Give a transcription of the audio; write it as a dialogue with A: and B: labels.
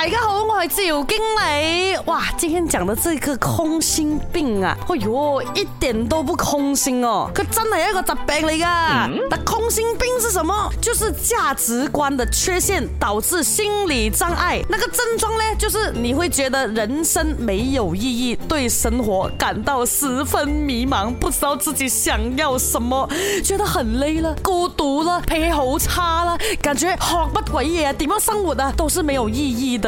A: 大家好，我係趙經理。哇，今天講的這個空心病啊，哎喲，一點都不空心哦，佢真係一個疾病嚟㗎。嗯、但空心病是什麼？就是價值觀的缺陷導致心理障礙。那個症狀呢，就是你會覺得人生沒有意義，對生活感到十分迷茫，不知道自己想要什麼，覺得很累啦、孤獨啦、脾氣好差啦，感覺學乜鬼嘢啊，點樣生活的、啊、都是沒有意義的。